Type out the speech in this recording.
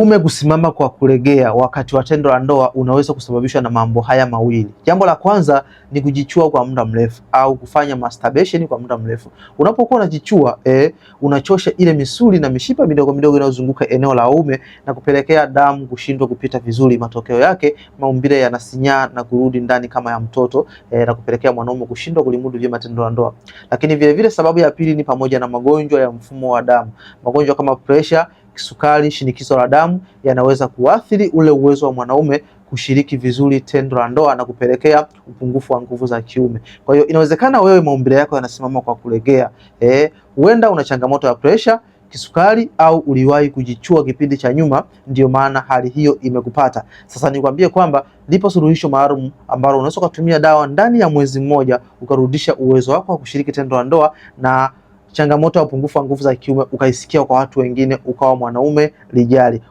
Ume kusimama kwa kulegea wakati wa tendo la ndoa unaweza kusababishwa na mambo haya mawili. Jambo la kwanza ni kujichua kwa muda mrefu au kufanya masturbation kwa muda mrefu. Unapokuwa unajichua eh, unachosha ile misuli na mishipa midogo midogo inayozunguka eneo la ume na kupelekea damu kushindwa kupita vizuri. Matokeo yake maumbile yanasinyaa na kurudi ndani kama ya mtoto eh, na kupelekea mwanaume kushindwa kulimudu vyema tendo la ndoa. Lakini vilevile sababu ya pili ni pamoja na magonjwa ya mfumo wa damu, magonjwa kama pressure kisukari, shinikizo la damu yanaweza kuathiri ule uwezo wa mwanaume kushiriki vizuri tendo la ndoa na kupelekea upungufu wa nguvu za kiume. Kwa hiyo inawezekana wewe maumbile yako yanasimama kwa kulegea, eh, huenda eh, una changamoto ya presha kisukari au uliwahi kujichua kipindi cha nyuma, ndiyo maana hali hiyo imekupata. Sasa nikwambie kwamba lipo suluhisho maalum ambalo unaweza ukatumia dawa ndani ya mwezi mmoja ukarudisha uwezo wako wa kushiriki tendo la ndoa na changamoto ya upungufu wa nguvu za kiume ukaisikia kwa watu wengine, ukawa mwanaume, lijali.